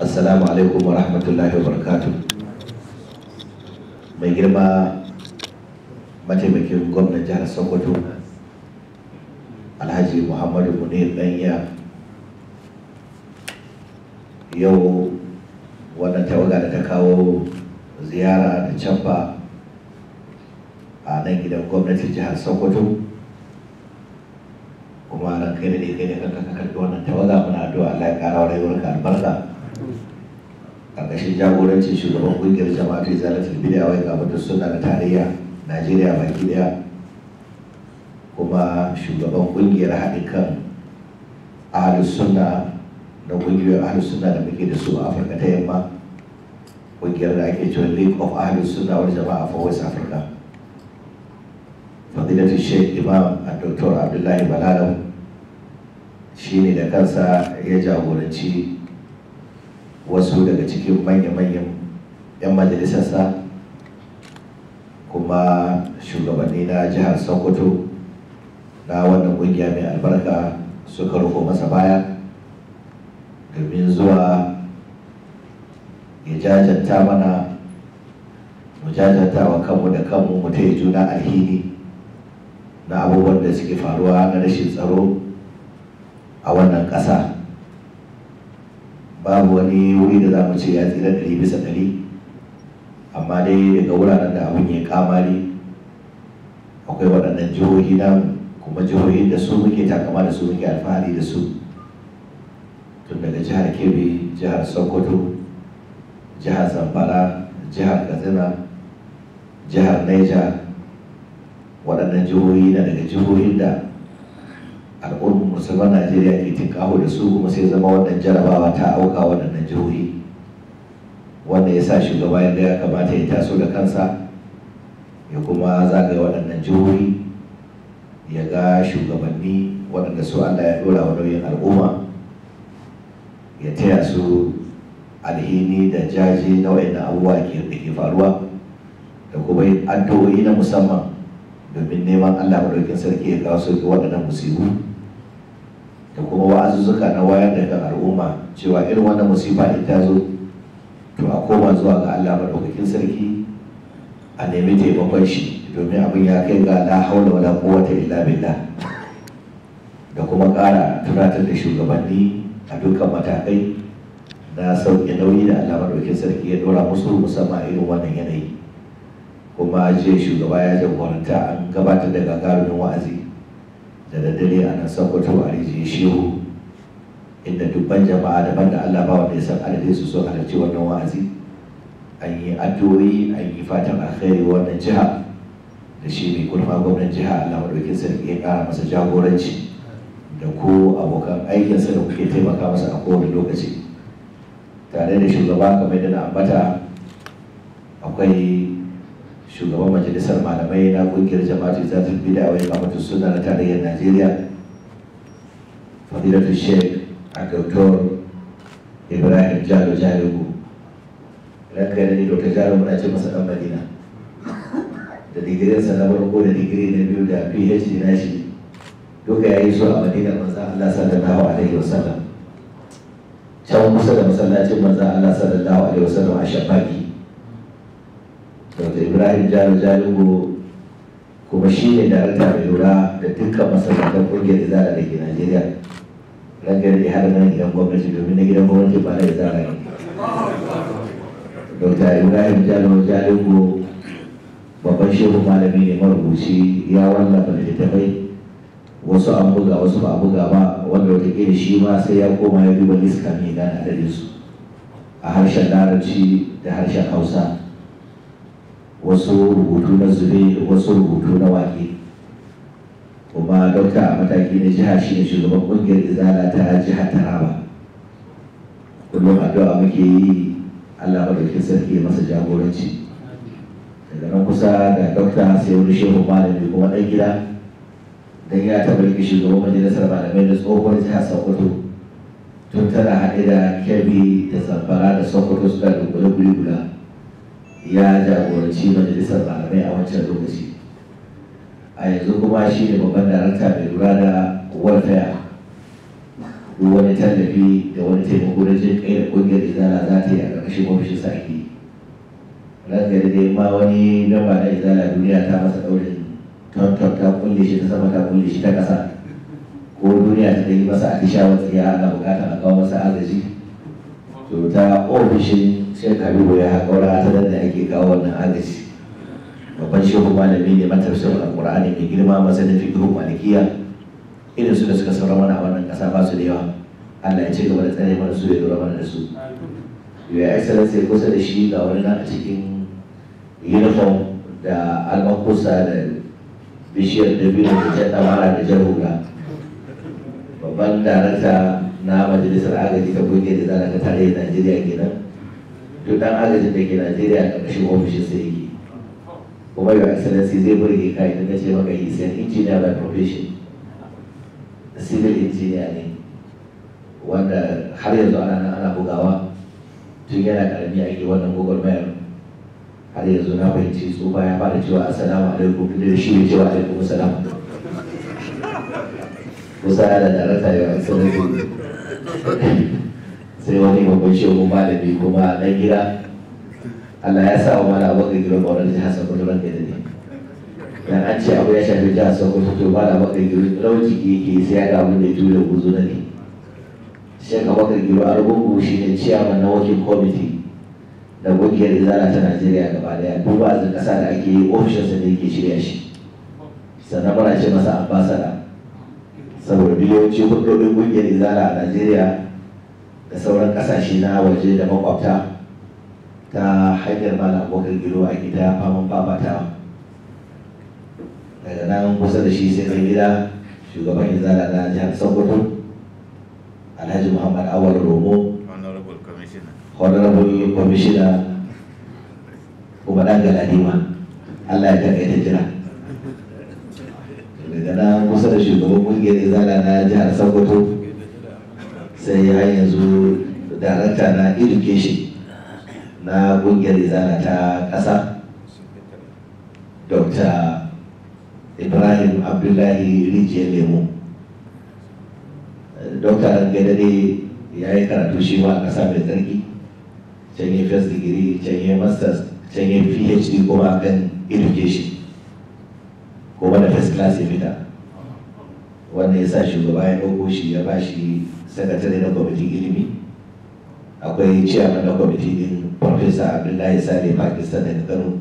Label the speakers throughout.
Speaker 1: assalamu alaikum wa rahmatullahi wa barakatu mai girma mataimakin gwamnan jihar sokoto alhaji muhammadu munir danya yau wannan tawaga da ta kawo ziyara da canfa a nan gidan gwamnatin jihar sokoto kuma ran kai da ne kai ne kan kakakar wannan tawaga muna addu'a Allah ya kara rayuwarka albarka a ƙashin jagorancin shugaban ƙungiyar jama'atu zalar bid'a wai ga da suna na tarayya najeriya baki daya kuma shugaban ƙungiyar haɗin kan ahalus suna da kungiyar ahalus suna da muke da su a afirka ta yamma ƙungiyar da ake cewa league of ahalus suna wani jama'a for west africa fadilatu sheikh imam a dr abdullahi balalam shi ne da kansa ya jagoranci wasu daga cikin manya-manyan 'yan majalisarsa kuma shugabanni na jihar sokoto na wannan kungiya mai albarka suka rufo masa baya domin zuwa ya jajanta mana mu jajanta wa kanmu da kanmu mu taya juna alhini na abubuwan da suke faruwa na rashin tsaro a wannan ƙasa babu wani wuri da za mu ce ya tsira ɗari bisa ɗari amma dai daga wuraren da abin ya kamari akwai waɗannan jihohi na kuma jihohin da su muke takama da su muke alfahari da su tun daga jihar kebbi jihar sokoto jihar zamfara jihar katsina jihar niger waɗannan jihohi na daga jihohin da musulman najeriya ke tinkaho da su kuma sai zama wannan jarabawa ta auka waɗannan jihohi wanda ya sa shugaba yadda ya kamata ya taso da kansa ya kuma zagaya waɗannan jihohi ya ga shugabanni waɗanda su allah ya ɗora wa nauyin al'umma ya taya su alhini da jaji na waɗannan abubuwa da ke faruwa da kuma addu'o'i na musamman domin neman allah maɗaukin sarki ya kawo sauƙi waɗannan musibu da kuma wa'azuzzuka na wayar da kan al'umma cewa irin wannan musifa in ta zo to a koma zuwa ga Allah madaukakin sarki a nemi taimakon shi domin abin ya kai ga la haula wala quwwata illa billah da kuma ƙara tunatar da shugabanni a dukkan matakai na sauke nauyi da Allah madaukakin sarki ya dora musu musamman irin wannan yanayi kuma jiya shugaba ya jagoranta an gabatar da gagarumin wa'azi da daddare a nan sakwato a rijiyar shehu inda dubban jama'a daban da allah ba wanda ya san adadin su sun halarci wannan wa'azi an yi addu'o'i an yi fatan alkhairi wannan jiha da shi mai kurma gwamnan jiha allah madaukin sarki ya kara masa jagoranci da ko abokan aikinsa da kuke taimaka masa a kowane lokaci tare da shugaba kamar da na ambata akwai shugaban majalisar malamai na kungiyar jama'atu zatul bida wa imamatu suna na tarayyar najeriya fadilatu sheikh a ibrahim jalo jalibu ranka da ne jalo muna ce masa dan madina da digirinsa na farko da digiri na biyu da phd na shi duka ya yi su a madina manzan Allah sallallahu alaihi wasallam can kusa da masallacin manzan Allah sallallahu alaihi wasallam a shabaki dr ibrahim jalo jalingo kuma shi ne darakta mai lura da dukkan masarautar ƙungiyar izara da ke najeriya rangar da har nan gidan gwamnati domin na gidan gwamnati ba na izara ne dr ibrahim jalo jalingo babban shehu malami ne marubuci ya wallafa littattafai wasu an buga wasu ba buga ba wanda wataƙila shi ma sai ya koma ya duba iska mai gana adadinsu a harshen larabci da harshen hausa wasu rubutu na zube wasu rubutu na wake kuma dokta a mataki na jiha shi ne shugaban kungiyar izala ta jiha taraba kullum addu'a muke yi allah madaukin sarki masa jagoranci daga nan kusa da dokta sai wani shehu malami kuma ɗan gida don ya taɓa rike shugaban majalisar malamai da tsohuwar jihar sokoto tun tana haɗe da kebbi da zamfara da sokoto suka dunkule guri guda ya jagoranci majalisar malamai a wancan lokaci a yanzu kuma shi ne babban darakta mai lura da warfaya ko wani tallafi da wani taimako da jin kai da kungiyar izala za ta yi a ƙarƙashin ofishin sa'idi ranka da dai ma wani lamba na izala duniya ta masa ɗaurin tonton ta kulle shi ta sama ta kulle shi ta ƙasa ko duniya ta yi masa atishawar tsiya ana buƙatar a kawo masa agaji to ta ofishin sai kalubu ya kaura ta da ake kawo wannan agaji babban shehu malami ne matafsir alƙur'ani, mai girma masanin fiqh malikiya irin su da suka saura mana a wannan ƙasa, ba su da yawa Allah ya ce gaba da tsare mana su ya dora mana da su ya excellence kusa da shi ga wani nan a cikin uniform da alman kusa da bishiyar da biyu da jan damara da jan hula babban darakta na majalisar agaji ta kungiyar da zana ta tarayyar najeriya kenan duk dan agajin da ke najeriya a ƙarshen ofishin sai yake kuma yau excellency zai burge ka idan na ce maka yi sai engineer by profession civil engineer ne wanda har yanzu ana nan ana bugawa tun yana karami yi wannan gwagwarmayar har yanzu na fahimci tsufa ya fara cewa assalamu alaikum tun da shi ne cewa alaikum salam kusa da darakta yau excellency sai wani babban shehu malami kuma na gida Allah ya sa wa mana abokan giro ba wani jihar Sokoto ran gida ne dan an ce abu ya shafi jihar Sokoto to ba da gida giro rauci yake sai ya ga abin da ya tura guzu da ne shi ka abokan giro a rubutu shi ne ciyaman na wakil committee da kungiyar izala ta Najeriya gaba daya duba a kasa da ake yi ofishinsa ne yake shirya shi sannan muna ce masa ambasada saboda biliyoci hudodin kungiyar izala a Najeriya da sauran kasashe na waje da makwabta ta hanyar malam abokan giro a gida faman babata daga nan kusa da shi sai mai gida shugaban izala na jihar sokoto alhaji muhammad awar romo honorable commissioner kuma dan galadima allah ya ta jira daga nan kusa da shugaban kungiyar izala na jihar sokoto sai ya yanzu darakta na education na ƙungiyar izana ta ƙasa dr ibrahim abdullahi rijiyar lemo dr gadade ya yi karatu shi ma a kasa mai tsarki can yi first degree can yi masters can yi phd kuma kan education kuma da first class ya fita wanda ya sa shugaba ya ɗauko shi ya ba shi sakatare na kwamitin ilimi akwai chairman na kwamitin din farfesa abdullahi sale pakistan daga kano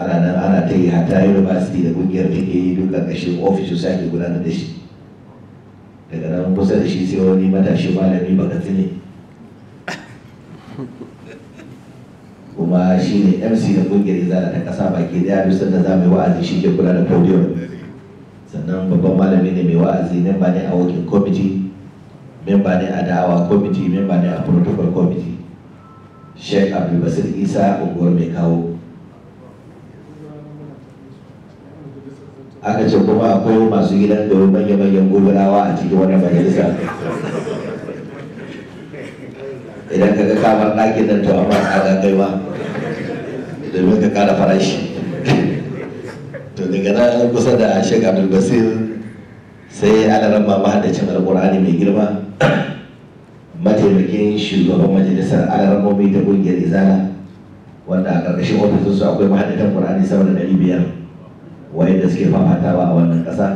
Speaker 1: ana nan ana ta yi hata university da kungiyar ke yi duka kashin ofishin sake gudanar da shi daga nan kusa da shi sai wani matashi malami baka ne kuma shi ne mc da kungiyar zara ta kasa baki daya duk da za mu yi wa'azi shi ke kula da podium sannan babban malami ne mai wa'azi nan ba ne a wakin committee memba ne a da'awa committee memba ne a protocol committee sheikh abdulbasir isa unguwar mai kawo aka ce kuma akwai masu gidan da manya-manyan gobirawa a cikin wani majalisa idan ka ga kamar ɗakin nan to amma a ga kai ba domin ka kara farashi to daga nan kusa da sheikh abdulbasir sai alaran ma mahaddacin alkur'ani mai girma mataimakin shugaban majalisar alaramomi da kungiyar Izana, wanda a ƙarƙashin ofisinsu akwai mahaddacin alkur'ani sama da ɗari biyar da suke fafatawa a wannan ƙasa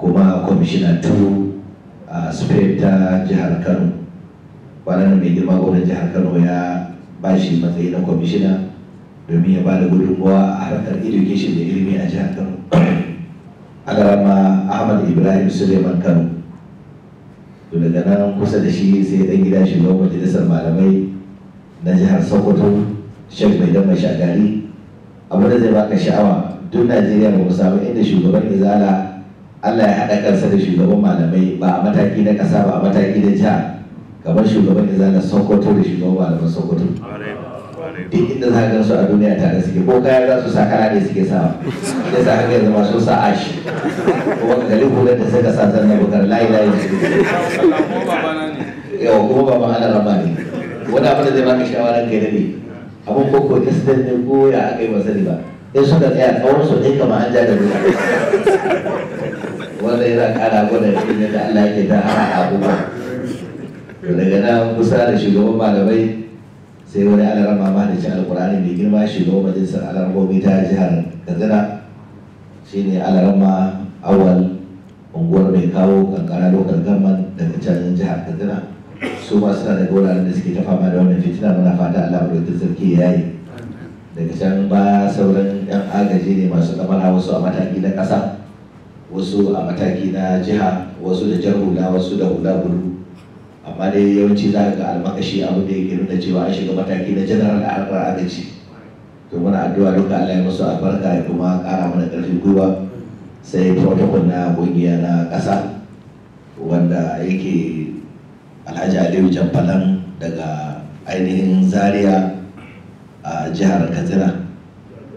Speaker 1: kuma kwamishina turu a spain ta jihar kano kwanan mai girma gwamnan jihar kano ya ba shi matsayi na kwamishina domin ya ba da gudunmawa a harkar education da ilimi a jihar kano alarama ahmad ibrahim suleiman kano to daga nan kusa da shi sai dan gida shugaban majalisar malamai na jihar sokoto shek mai dan shagari abu da zai baka sha'awa duk najeriya ba mu samu inda shugaban izala allah ya haɗa kansa da shugaban malamai ba a mataki na ƙasa ba a mataki na jiha kamar shugaban izala sokoto da shugaban malamai sokoto duk inda za ka su a duniya tare suke ko kaya za su sa kara ne suke sawa ya sa haka yanzu masu sa ashi kuma ka kalli hular da suka sa sannan bukar layi layi Yau, kuma ba ma ana rama ne wani abin da zai baka shawarar kai dade abin ko ko isdan ne ko ya aka yi masa ba in suka tsaya tsawon su ɗin kama an ja da ruwa wanda yana kara gwada shi da Allah yake ta hana abubuwa daga nan kusa da shugaban malamai sai wani alarama ma da ci alkurani mai girma shiga majalisar alarmomi ta jihar ne shine ma awal unguwar mai kawo kankara lokal gamman daga can jihar katsina su ma suna daga wuraren da suke ta fama da wannan fitina muna fata allah madaukakin sarki ya yi daga can ba sauran yan agaji ne masu kamara wasu a mataki na ƙasa wasu a mataki na jiha wasu da jan hula wasu da hula bulu amma dai yawanci za a ga almakashi abin da yake nuna cewa an shiga mataki na general a harkar agaji to muna addu'a duka Allah ya musu albarka ya kuma kara mana karfin gwiwa sai protocol na kungiya na ƙasa wanda yake Alhaji Aliyu Jamfalan daga ainihin Zaria a jihar Katsina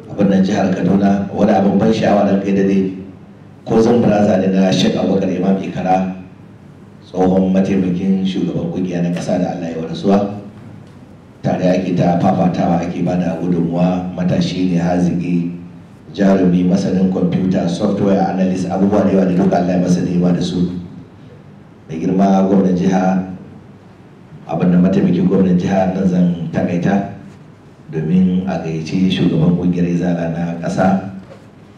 Speaker 1: abin nan jihar Kaduna wani abin ban sha'awa da kai da dai ko zan ne na Sheikh Abubakar Imam Ikara tsohon mataimakin shugaban kungiya na ƙasa da allah ya warasuwa tare ake ta fafatawa ake bada gudunmuwa matashi ne haziki jarumi masanin kwamfuta software analyst abubuwa da yawa da duka allah ya masa nema da su da girma gwamnan jiha abin da mataimakin gwamnan jiha nan zan takaita domin a gayyaci shugaban kungiyar zala na kasa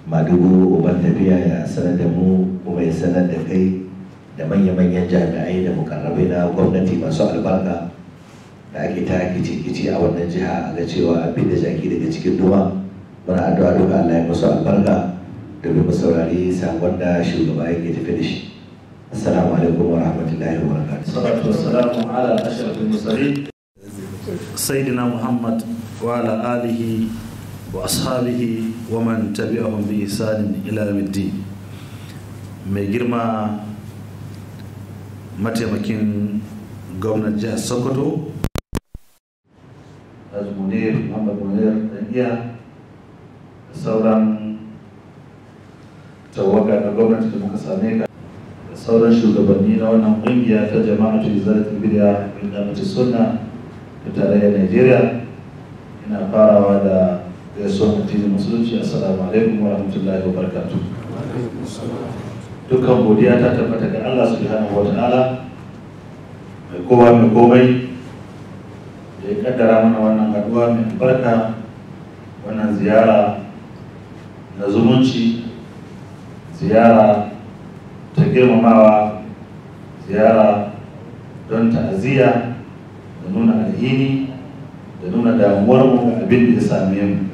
Speaker 1: madugu uban tafiya ya sanar da mu kuma ya sanar da kai da manya-manyan jami'ai da mukarrabai na gwamnati masu albarka da ake ta kici-kici a wannan jiha a ga cewa an da jaki daga cikin duma muna addu'a duka Allah ya masu albarka da mu saurari sakon da shugaba yake tafi da shi assalamu alaikum wa rahmatullahi wa barakatuh salatu wassalamu ala
Speaker 2: ashrafil mursalin sayyidina muhammad wa ala alihi wa ashabihi wa man tabi'ahum bi ihsanin ila yawmiddin mai girma mataimakin gwamnan jihar sokoto azmunir muhammad munir iya da sauran tawaga na gwamnati da muka same ka da sauran shugabanni na wannan kungiya ta jama'a zara ta bid'a min da'wati sunna ta tarayyar Najeriya ina farawa da gaisuwar cikin musulunci assalamu alaikum wa rahmatullahi wa barkatu. dukkan godiya ta tabbata ga Allah subhanahu wa ta'ala mai kowa mai komai da ya kaddara mana wannan haduwa mai albarka wannan ziyara na zumunci ziyara ta girmamawa ziyara don ta'aziyya da nuna alhini da nuna damuwarmu abin da ya same mu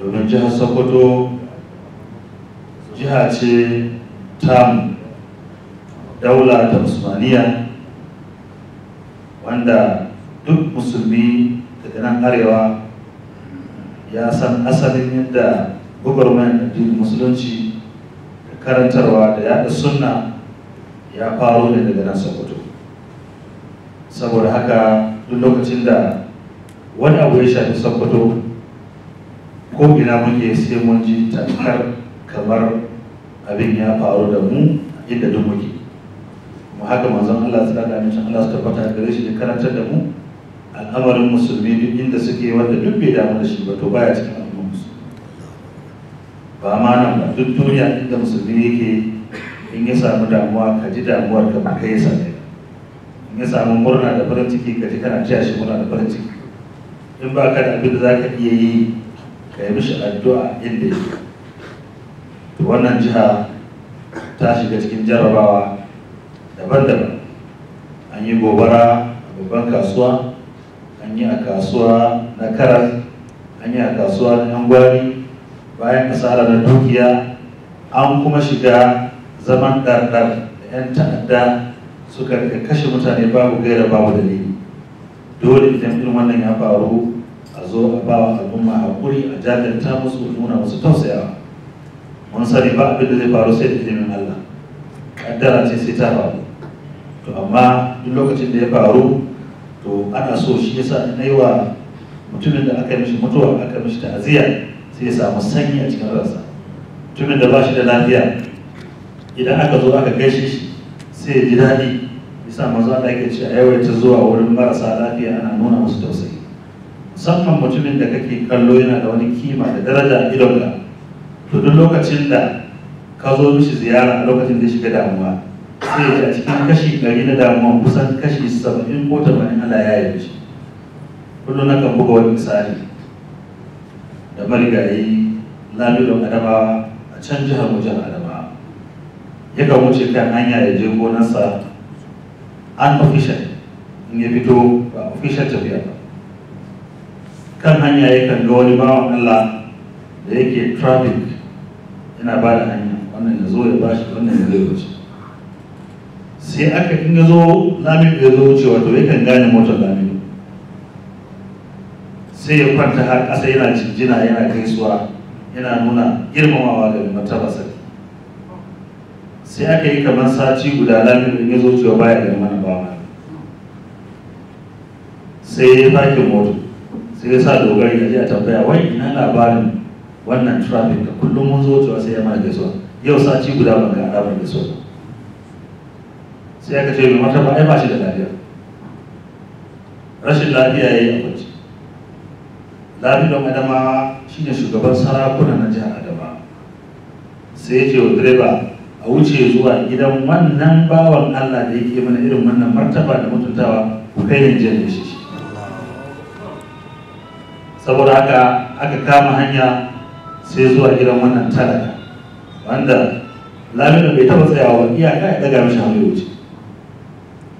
Speaker 2: domin jihar sokoto jiha ce ta daula ta usmaniya wanda duk musulmi daga nan arewa ya san asalin yadda gugurman addinin musulunci da karantarwa da yada sunna ya faru ne daga nan sokoto saboda haka duk lokacin da wani abu ya shafi sokoto ko ina muke sai mun ji tamkar kamar abin ya faru da mu inda duk muke mu haka manzon Allah su da amincin Allah su tabbata gare shi da karantar da mu al'amarin musulmi duk inda suke wanda duk bai damu da shi ba to baya cikin al'umma musulmi ba ma nan ba duk duniya inda musulmi yake in ya samu damuwa ka ji damuwar ka ba kai sa in ya samu murna da farin ciki ka ji kana ciya shi murna da farin ciki in ba ka da abin da za ka iya yi ka yi mishi addu'a inda yake Da wannan jiha ta shiga cikin jarabawa daban-daban an yi gobara a babban kasuwa an yi a kasuwa na karas an yi a kasuwa na yan gwari bayan kasara na dukiya an kuma shiga zaman ɗarɗar da 'yan ta'adda suka rika kashe mutane babu gaira babu dalili dole idan irin wannan ya faru a zo a bawa al'umma haƙuri a jajanta musu nuna musu tausayawa mun sani ba abin da zai faru sai da ilimin Allah kaddara ce sai ta faru to amma duk lokacin da ya faru to ana so shi yasa na yi wa mutumin da aka mishi mutuwa aka mishi aziya, sai ya samu sanyi a cikin ransa mutumin da ba shi da lafiya idan aka zo aka gaishe shi sai ya ji daɗi yasa manzo Allah yake a yawaita zuwa wurin marasa lafiya ana nuna musu tausayi musamman mutumin da kake kallo yana da wani kima da daraja a idonka to duk lokacin da ka zo mishi ziyara a lokacin da shiga damuwa sai ya a cikin kashi ɗari na damuwa kusan kashi saba'in ko tamanin Allah ya yi mishi kullum na kan buga wani misali da marigayi lamilon adamawa a can jihar wajen jihar ya kan wuce kan hanya da je gonarsa unofficial in ya fito ba official tafiya ba kan hanya kan ga wani bawan Allah da yake traffic yana ba da hanya wannan ya zo ya bashi wannan ya zai wuce sai aka in ga zo da ya zo wuce wato yakan gane motar lamin sai ya kwanta har ƙasa yana jinjina yana gaisuwa yana nuna girmamawa da martaba sai aka yi kamar sati guda lamin da ya zo wucewa baya da mana ba ma sai ya fakin motar sai ya sa dogari ya je a tambaya wai ina labarin wannan traffic da kullum mun zo cewa sai ya mana gaisuwa yau sati guda ban ga alamar gaisuwa sai aka ce mai ba ai ba shi da lafiya rashin lafiya ya yi a kwanci don adama shine shugaban sarakuna na jihar adama
Speaker 3: sai ya ce wa direba a wuce zuwa gidan wannan bawan allah da yake mana irin wannan martaba da
Speaker 2: mutuntawa ku kai ne jiyar da shi saboda haka aka kama hanya sai zuwa gidan wannan talaka wanda laminu bai taba tsayawa ba iyaka ya daga mishi hannu wuce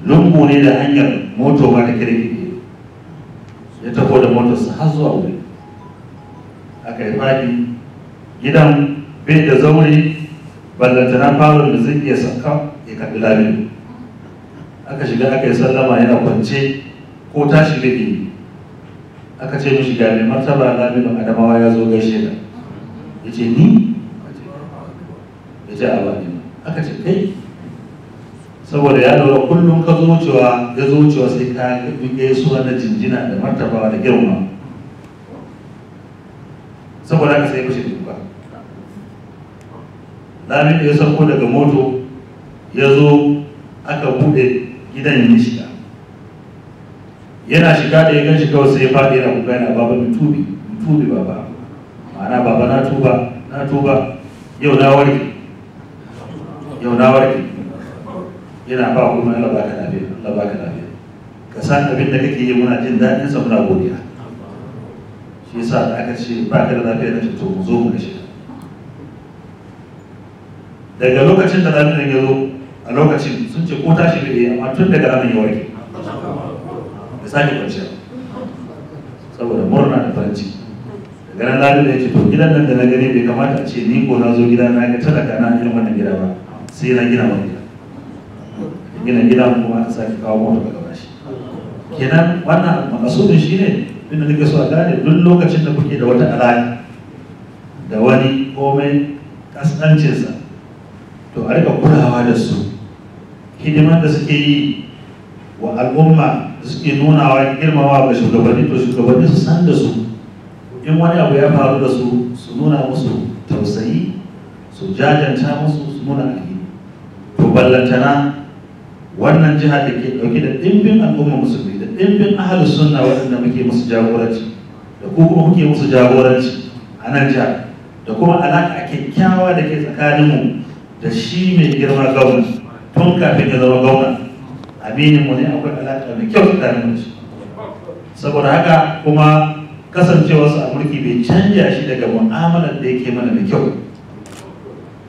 Speaker 2: lungu ne da hanyar moto ma da kirki ya tafi da motarsa har zuwa wuri aka yi fadi
Speaker 3: gidan bai da zauri ballantana falon da zai iya sauka ya kaɗi laminu aka shiga aka yi sallama yana
Speaker 2: kwance ko tashi bai aka ce mishi gane martaba laminu adamawa ya zo gaishe da ya ce ni ya ce a bani aka ce kai saboda ya lura kullum ka zo cewa ya zo cewa sai ka yi suwa na jinjina da martabawa da girma saboda haka sai kashe duka lamin da ya sauko daga moto ya zo aka bude gidan ya shiga yana shiga da ya gan shi kawai sai ya faɗi yana kuka yana babu mutubi mutubi ba. ana baba na tuba na tuba yau na warke yau na warke yana ba mai Allah baka lafiya Allah baka lafiya ka san abin da kake yi muna jin daɗin sa muna godiya shi yasa da aka ce ba ka da lafiya na to mu zo mu kashe daga lokacin da lafiyar ya zo a lokacin sun ce ko tashi da amma tun daga ranar ya warke da sake kwanciya daga nan da ya ce to gidan nan da na gani bai kamata a ce ni ko na zo gida na ga talaka na irin wannan gida ba sai na gina wani gida gina gida kuma aka sake kawo mota daga bashi kenan wannan makasudin shi ne inda nake so a gane duk lokacin da kuke da wata alaƙa da wani komai kasancinsa to a rika kulawa da su hidimar da suke yi wa al'umma suke nunawa girmawa ga shugabanni to shugabanni su san da su in wani abu ya faru da su su nuna musu tausayi su jajanta musu su nuna alheri to ballantana wannan jiha da ke dauke da dimbin al'umma musulmi da dimbin ahalus sunna waɗanda muke musu jagoranci da ku kuma kuke musu jagoranci a nan jiha da kuma alaƙa kyakkyawa da ke tsakaninmu da shi mai girma gauna tun kafin ya zama gauna aminin mu ne akwai alaƙa mai kyau tsakaninmu saboda haka kuma kasancewarsu a mulki bai canja shi daga mu'amalar da yake mana da kyau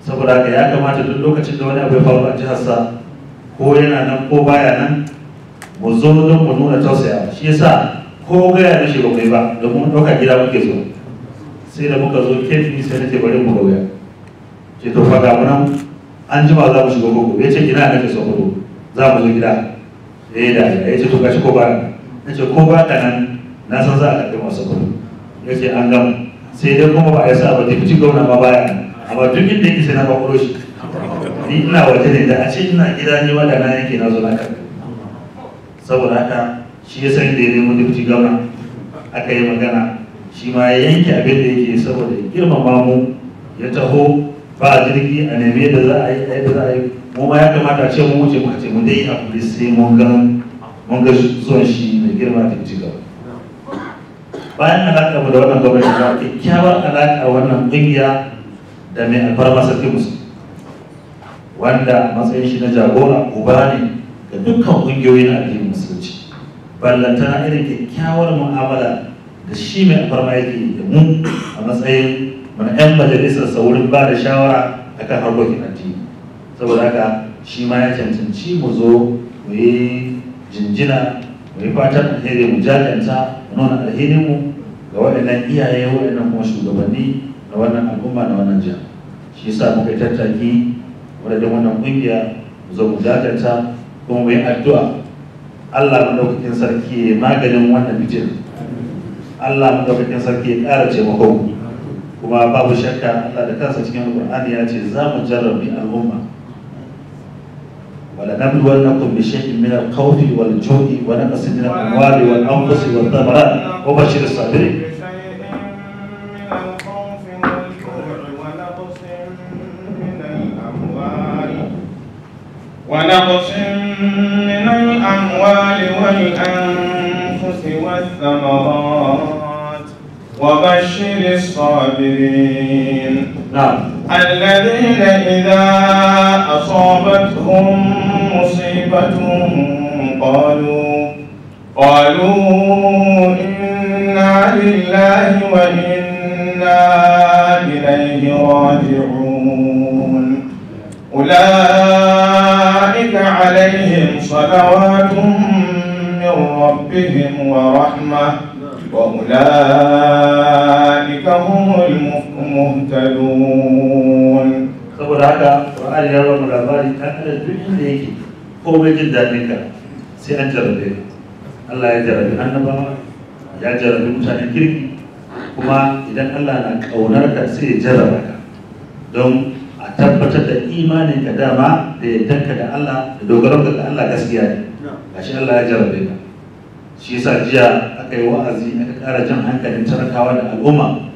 Speaker 2: saboda haka ya kamata duk lokacin da wani abu ya faru a jiharsa ko yana nan ko baya nan mu zo don mu nuna tausaya shi yasa ko gaya mishi ba kai ba domin ɗauka gida muke so sai da muka zo kefi sai na bari mu gauya ce to fa gamu nan an jima za mu shiga gogo ya ce gida nake so ku za mu zo gida ya yi da ya ce to gashi ko ba na ce ko ba ka nan na san za a karɓi masu kuɗi ya ce an gama sai dai kuma ba a yi sa ba deputy gwamna ma baya amma duk inda yake sai na kwakwaro shi ni ina waje ne da a ce ina gida ne ma da na yanke na zo na kan saboda haka shi ya san da ya nemo deputy gwamna aka yi magana shi ma ya yanke abin da yake saboda ya girmama mu ya taho ba jirgi a nemi yadda za a yi a za a yi mu ma ya kamata a ce mu wuce muka ce mu dai a kuri sai mun ga mun ga zuwan shi mai girma da bayan alaƙa da wannan gwamnati ba kyakkyawar alaƙa wannan ƙungiya da mai alfarma sarki musu wanda matsayin shi na jagora uba ne ga dukkan ƙungiyoyin addinin musulunci ballantana irin kyakkyawar mu'amala da shi mai alfarma yake da mu a matsayin mana 'yan majalisar saurin ba da shawara akan harkokin addini
Speaker 3: saboda haka shi ma ya cancanci mu zo mu yi jinjina mu yi fatan alheri mu jajanta mu nuna alherinmu ga waɗannan iyaye
Speaker 2: waɗannan kuma shugabanni na wannan al'umma na wannan jiha shi yasa muka yi tattaki wadannan wannan ƙungiya mu zo mu jajanta kuma mu yi addu'a Allah ɗaukakin sarki ya maganin wannan bijin Allah ɗaukakin sarki ya ƙara taimako kuma babu shakka Allah da kansa cikin Qur'ani ya ce za mu jarrabi al'umma Wala ولنبلونكم min
Speaker 3: al-amwali wal-anfusi من thamarati wa bashir as-sabirin الصابرين نعم الذين إذا أصابتهم مصيبة قالوا قالوا إنا لله وإنا إليه راجعون أولئك عليهم صلوات من ربهم ورحمة وأولئك هم المهتدون saboda haka Qur'ani
Speaker 2: ya ba labari ta kada duk da yake komai jin daɗin ka sai an jarabe Allah ya jarabe annabawa ya jarabe mutanen kirki kuma idan Allah na ƙaunar ka sai ya jaraba ka don a tabbatar da imanin ka dama da yaddanka da Allah da dogaron ka da Allah gaskiya ne gashi Allah ya jarabe ka shi yasa jiya aka yi wa'azi aka ƙara jan hankalin talakawa da al'umma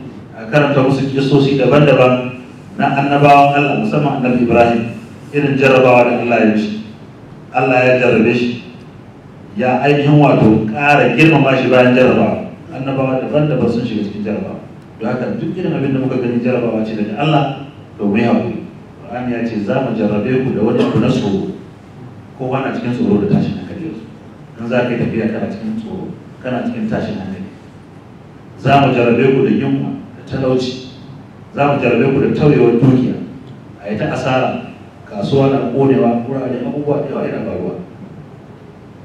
Speaker 2: karanta musu kisosi daban-daban na annabawan Allah musamman annabi Ibrahim irin jarrabawa da Allah ya shi Allah ya jarrabe shi ya ainihin wato ƙara girmama shi bayan jarabawa annabawa daban-daban sun shiga cikin jarrabawa don haka duk irin abin da muka gani jarrabawa ce daga Allah domin haƙuri Qur'ani ya ce za mu jarrabe ku da wani ku na tsoro kowa na cikin tsoro da tashin hankali yanzu in za ka yi tafiya kana cikin tsoro kana cikin tashin hankali za mu jarrabe ku da yunwa talauci za mu jarabe ku da tauyewar dukiya a yi ta asara kasuwa na konewa wurare abubuwa da yawa yana faruwa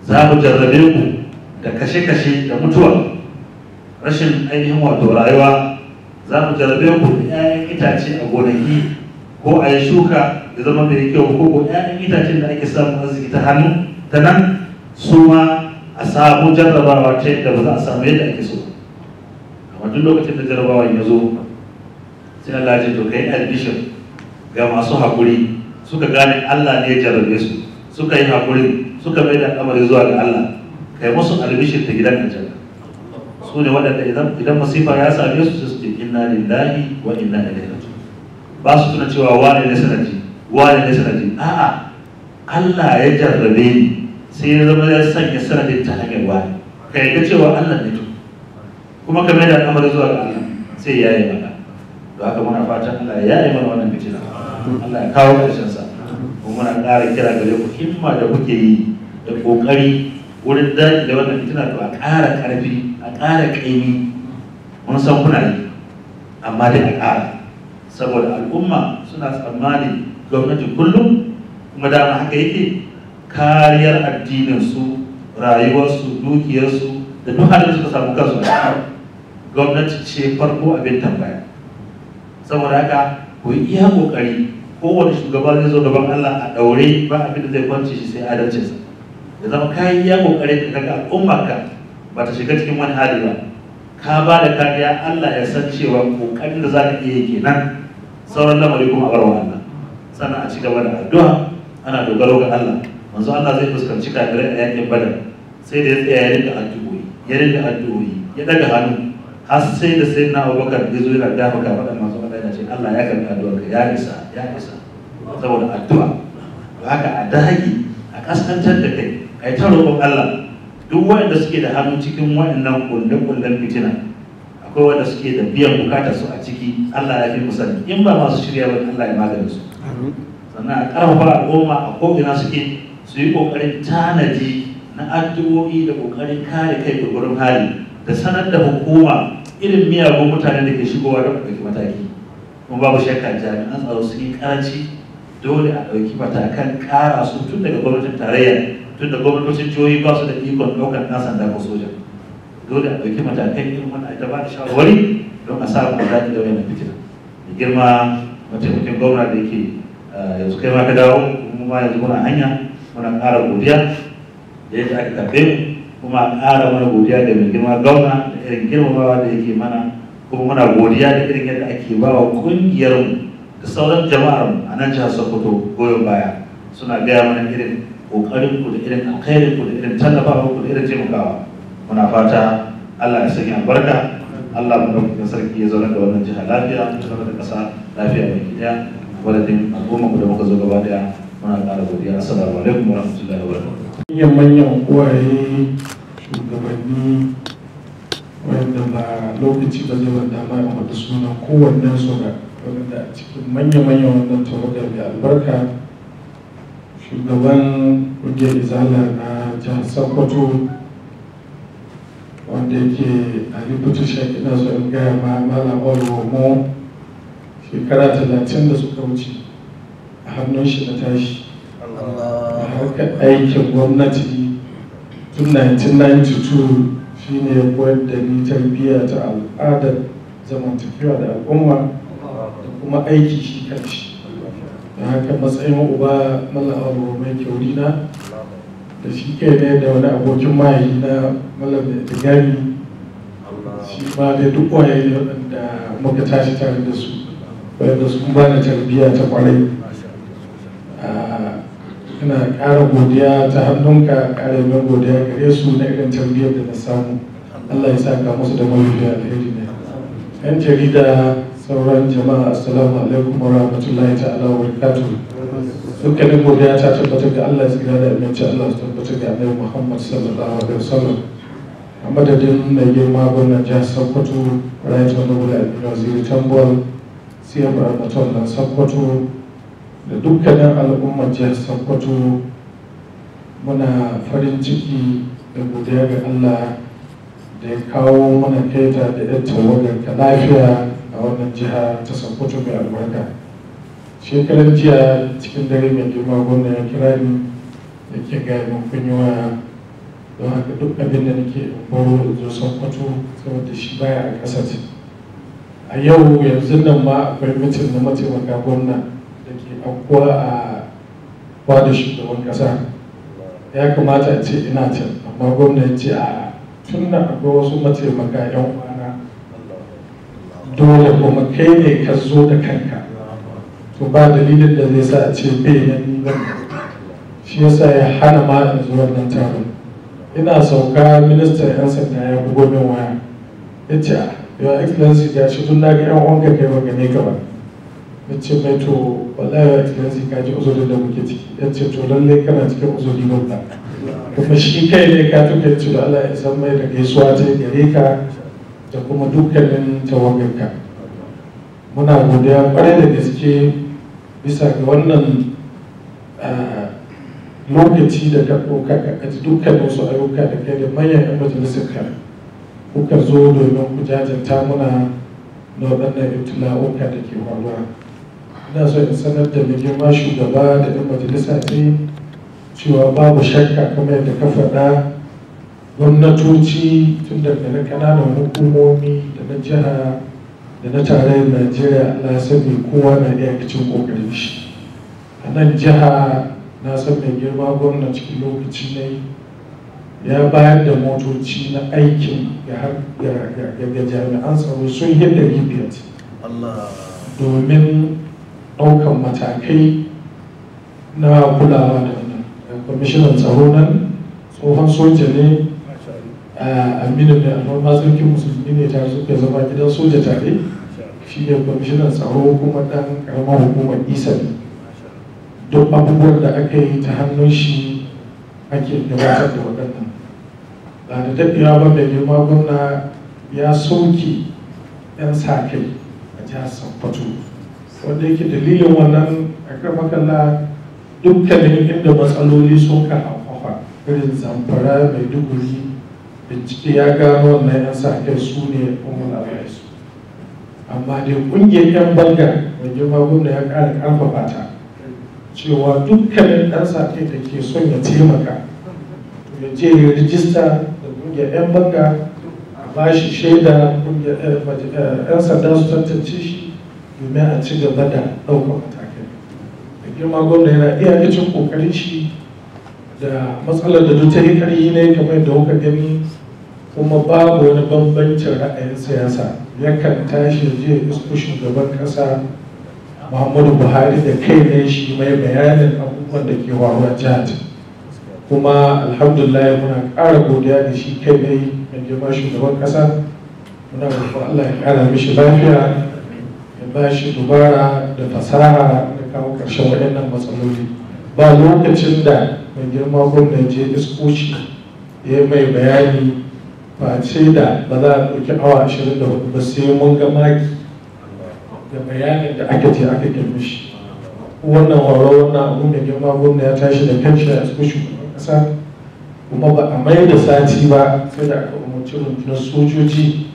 Speaker 2: za mu jarrabe ku da kashe-kashe da mutuwa rashin ainihin wato rayuwa za mu jarrabe ku da 'ya'yan itace a gonaki ko a yi shuka da zama da kyau ko ko 'ya'yan itacen da ake samun arziki ta hannu ta nan su ma a samu jarrabawa ta yadda ba za a samu yadda ake so amma duk lokacin da jarabawa ya zo sai Allah ya ce to kai admission ga masu haƙuri suka gane Allah ne ya jarabe su suka yi haƙuri suka mai da amari zuwa ga Allah kai musu admission ta gidan aljanna su ne waɗanda idan idan masifa ya same su sai su ce inna lillahi wa inna ilaihi raji'un ba su tuna cewa wane ne sanaji wane ne sanadi a'a Allah ya jarrabe ni sai ya zama ya sanya sanadin ta hanyar wani kai ga cewa Allah ne to kuma ka mai da al'amari zuwa ga sai ya yi mana to haka muna fatan Allah ya yi mana wannan fitina Allah ya kawo ƙarshen sa kuma muna ƙara kira gare ku himma da kuke yi da kokari wurin daji da wannan fitina to a ƙara karfi a ƙara ƙaimi mun san kuna yi amma dai a ƙara saboda al'umma suna tsammani gwamnati kullum kuma dama haka yake kariyar addininsu rayuwarsu dukiyarsu da duk halin suka samu kansu da gwamnati ce farko abin tambaya saboda haka ku yi iya kokari kowane shugaba zai zo gaban Allah a daure ba abin da zai kwance shi sai adalcinsa ya zama ka yi iya kokari ka ga al'umma ba ta shiga cikin wani hali ba ka ba da kariya Allah ya san cewa kokarin da za ka iya kenan sauran lamari kuma a barwa Allah sannan a ci gaba da addu'a ana dogaro ga Allah manzo Allah zai fuskanci kafirai a yakin Badar sai da ya tsaya ya rinka addu'o'i ya rinka addu'o'i ya daga hannu har sai da sai na abubakar ya zo yana dafa faɗa masu faɗa yana ce allah ya karɓi addu'ar ka ya isa ya isa saboda addu'a haka a dagi a kaskantar da kai a yi ta roƙon allah duk waɗanda suke da hannu cikin waɗannan kulle-kullen fitina akwai waɗanda suke da biyan bukatar su a ciki allah ya fi musani in ba masu shirya ba allah ya magani su sannan a ƙarfafa al'umma a ko'ina suke su yi ƙoƙarin tanadi na addu'o'i da ƙoƙarin kare kai gurin hali da sanar da hukuma irin miyagun mutane da ke shigowa don ɗauki mataki kuma babu shakka jami'an tsaro sun yi karanci dole a ɗauki matakan ƙara su tun daga gwamnatin tarayya tun da gwamnatocin jihohi ba su da ikon ɗaukar ɗan sanda ko soja dole a ɗauki matakan irin wanda ita ba da shawarwari don a samu a zaƙi da wannan fitina da girma mataimakin gwamna da yake eh, yanzu kai ma ka dawo kuma yanzu muna hanya muna ƙara godiya da yadda aka mu kuma a ƙara mana godiya da mai girma gauna da irin girmamawa da yake mana kuma muna godiya da irin yadda ake ba wa ƙungiyarmu da sauran jama'ar a nan jihar sokoto goyon baya suna gaya mana irin ƙoƙarin ku da irin alkhairin ku da irin tallafawa ku da irin taimakawa muna fata allah ya sanya albarka allah mu ɗaukakin sarki ya zauna da wannan jiha lafiya ta da ƙasa lafiya mai gida wadatin al'umma ku da muka zo gaba daya muna ƙara godiya assalamu alaikum warahmatullahi wabarakatuh
Speaker 3: manyan manyan kwaye shugabanni wanda ba lokaci ba zai wanda ba a wata suna kowannen su ga wanda a cikin manya-manyan wannan tawagar da albarka shugaban ƙungiyar izala na jihar sokoto wanda yake a rubuta shaƙi na su in gaya ma malamar romo shekara talatin da suka wuce a hannun shi na tashi harkar aikin gwamnati tun 1992 shine ya koyar da ni tarbiyya ta al'adar zamantakewa da al'umma da kuma aiki shi kanshi da haka matsayin uba mallam abu mai kyauri na da shi kai ne da wani abokin mahaifi na mallaka da gari shi ma da duk waye ne waɗanda muka tashi tare da su wadanda ba na tarbiyya ta kwarai ina ƙara godiya ta hannunka ƙara mai godiya gare su na irin tarbiyyar da na samu Allah ya sa ka musu da mafi alheri ne yan jarida sauran jama'a assalamu alaikum wa rahmatullahi ta'ala wa barakatuh dukkanin godiya ta tabbatar ga Allah tsira da aminci Allah su tabbatar ga Annabi Muhammad sallallahu alaihi wasallam a madadin mai girma gwamnan jihar Sokoto Right Honorable Abdul Waziri Tambol CM Ramadan Sokoto
Speaker 1: da dukkanin al'ummar jihar
Speaker 3: sokoto muna farin ciki da godiya ga allah da ya kawo mana kaita da yan tawagar ka lafiya a wannan jiha ta sokoto mai albarka shekarar jiya cikin dare mai girma gwamna ya kira ni da ke gaya mun kunyewa don haka duk abin da nake baro da zo sokoto saboda shi baya a ƙasar a yau yanzu nan ma akwai mutum na mataimaka gwamna aukuwa a fadar shugaban kasa ya kamata a ce ina can amma gwamnati ce a tun da akwai wasu mataimaka yan uwana dole kuma kai ne ka zo da kanka to ba dalilin da zai sa a ce bai nan zan shi yasa ya hana ma in zo wannan taron ina sauka ministan yan sanda ya bugo min waya ya ce your excellency ya shi tun na ga yan uwanka kai ba gane ka ba yace ce mai to wallahi excellency ka ji uzurin da muke ciki yace ce to lallai kana cikin uzuri babba kuma shi kai ne ka tuka yace da Allah ya san mai da gaisuwa ce gare ka da kuma dukkanin tawagarka muna godiya kwarai da gaske bisa ga wannan lokaci da ka ɗauka ka aji dukkanin su ayyuka da kai da manyan 'yan majalisar ka kuka zo domin ku jajanta muna na waɗannan ibtila'uka da ke faruwa ina so in sanar da mai girma shugaba da ɗan majalisa ce cewa babu shakka kamar yadda ka faɗa gwamnatoci tun daga na ƙananan hukumomi da na jiha da na tarayyar najeriya allah sani kowa na iya ƙoƙarin shi a nan jiha na san mai girma gwamna cikin lokaci yi ya bayar da motoci na aikin ga jami'an tsaro sun yi da domin ɗaukan matakai na kulawa da wannan eh, kwamishinan tsaro nan tsohon soja ne eh, aminu da alfarma sarkin musulmi ne tare suka zama gidan soja tare shi ne kwamishinan tsaro kuma ɗan ƙaramar hukumar isa duk abubuwan da aka yi ta hannun shi ake gabatar da waɗannan ba da tafiya ba da girma gwamna ya soke 'yan sa kai a jihar sanfato wanda yake dalilin wannan a karmakalla dukkanin inda matsaloli sun ka hafafa irin zamfara mai duguri bincike ya gano wannan yan sa kai su ne bai amma dai kungiyar yan balga mai girma gwamna ya kara karfafa ta cewa dukkanin dan sa da ke son ya taimaka ya je ya rijista da kungiyar yan banga a bashi shaida kungiyar eh, eh, yan sanda su tantance shi domin a ci gaba da ɗaukar matakin da girma gwamna yana iya icin ƙoƙarin shi da matsalar da duk ta yi karyi ne kamar da kuka gani kuma babu wani bambancin ra'ayin siyasa yakan tashi jiya isko shugaban ƙasa muhammadu buhari da kai ne shi mai bayanin abubuwan da ke faruwa jihar kuma alhamdulillah muna kara godiya da shi kai ne mai girma shugaban ƙasa muna roƙon allah ya ƙara mishi lafiya ba shi dubara da fasaha da kawo ƙarshen waɗannan matsaloli ba lokacin da mai girma gwamna je iskoci ya mai bayani ba ce da ba za a ɗauki awa ashirin da ba sai mun ga maki da bayanin da aka ce aka girmi shi wannan horo wannan abu da girma gwamna ya tashi da kanshi a iskoci kuma ba a mai da sati ba sai da aka umarci rundunar sojoji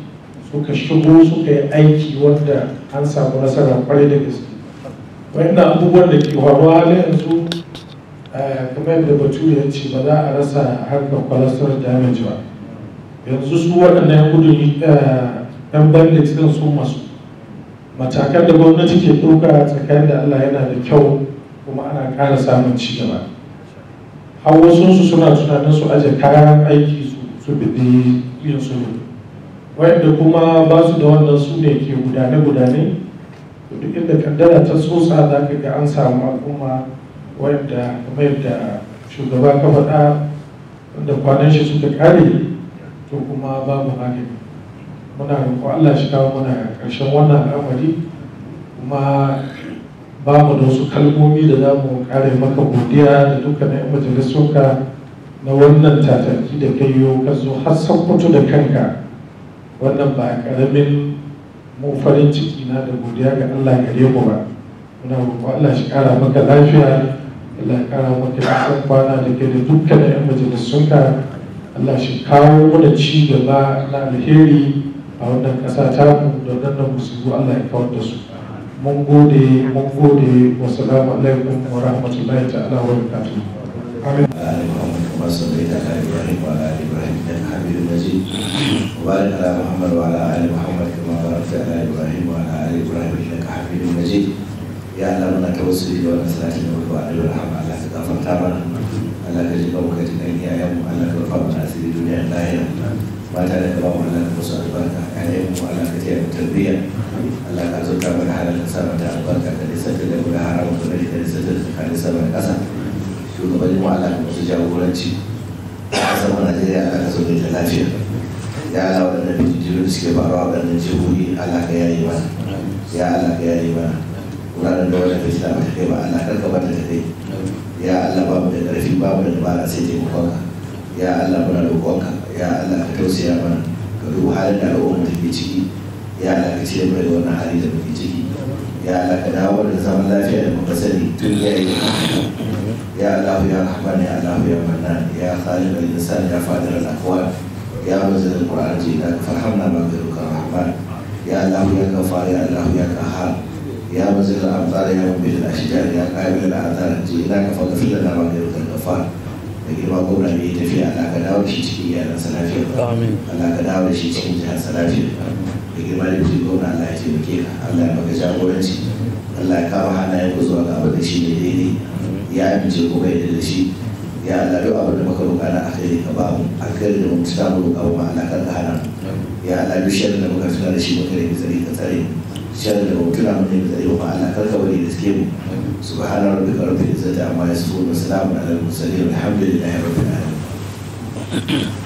Speaker 3: suka shigo suka yi aiki wanda an samu nasara kwarai da gaske wanda abubuwan da ke faruwa halin yanzu eh, kamar yadda batu ya ce ba za a rasa harkar kwalasar damage ba yanzu su waɗannan gudun ɗan eh, bandit ɗin su masu matakan da gwamnati ke ɗauka tsakanin da allah yana da kyau kuma ana ƙara samun ci gaba har wasu suna tunanin su aje kayan aiki su bidi yin sulhu wadda kuma ba su da wannan su ne ke gudane-gudane duk inda kaddara ta tsotsa za ka ga an samu al'umma wadda kamar da shugaba ka faɗa wanda kwanan shi suka kare to kuma babu magani muna ko Allah shi kawo muna ƙarshen wannan al'amari kuma ba mu da wasu kalmomi da za mu kare maka godiya da dukkanin yan majalisunka na wannan tataki da kai yau ka zo har san da kanka wannan ba karamin mu farin ciki na da godiya ga Allah gare mu ba muna roƙo Allah shi kara maka lafiya Allah kara maka nisan kwana da ke da dukkan ƴan majalisunka Allah shi kawo mana ci gaba na alheri a wannan ƙasa ta mu da wannan musulmi Allah ya kawar da su mun gode mun gode wassalamu alaikum wa rahmatullahi ta'ala wa barakatuh amin حميد مجيد وبارك على محمد وعلى ال محمد
Speaker 1: كما باركت على ابراهيم وعلى ال ابراهيم انك حميد مجيد يا الله توسل da wannan salati da wani wa'adu da Allah ka gafarta mana Allah ka ji da lahira mata da ka Allah ka musu albarka ƴaƴan Allah ka taya mu tarbiyya Allah ka da mu da haramun ka nisa da jagoranci musamman najeriya da aka zo da lafiya ya ala waɗannan bidiyo da suke faruwa waɗannan jihohi allah ka yayi mana ya allah ka yayi mana wuraren da wata fitina ba ta kai ba allah karka ba ta kai ya allah ba mu da ƙarfi ba mu da dabara sai taimakonka ya allah muna roƙonka ya allah ka tausaya mana ka duba halin da al'umma take ciki ya allah ka cire mai da wannan hali da muke ciki ya allah ka dawo da zaman lafiya da muka sani tun yayi يا الله يا رحمن يا الله يا منان يا خالق الإنسان يا فاطر الأكوان يا منزل القرآن جئناك فارحمنا مغفرك الرحمن يا الله يا غفار يا الله يا قهار يا منزل الأمطار يا منبت الأشجار يا قابل الأعذار جئناك فاغفر لنا مغفرك الغفار da girma gwamna mai tafiya Allah ka dawo da shi cikin iyalansa lafiya Allah ka dawo da shi cikin jihansa lafiya da girma da fi gwamna Allah ya taimake Allah ya maka jagoranci Allah ya ku zuwa ga abin daidai ya amince ko kai da shi ya Allah duk abin da muka roƙa na alheri ka ba mu alheri da mutum samu roƙa mu Allah da ka hana ya Allah duk sharri da muka tuna da shi muka rage tsare ka tsare shirin da mutum na mutum da tsare mu Allah kar ka bari da suke mu su rabbika rabbil izzati amma yasifun wa salamun alal mursalin walhamdulillahi rabbil alamin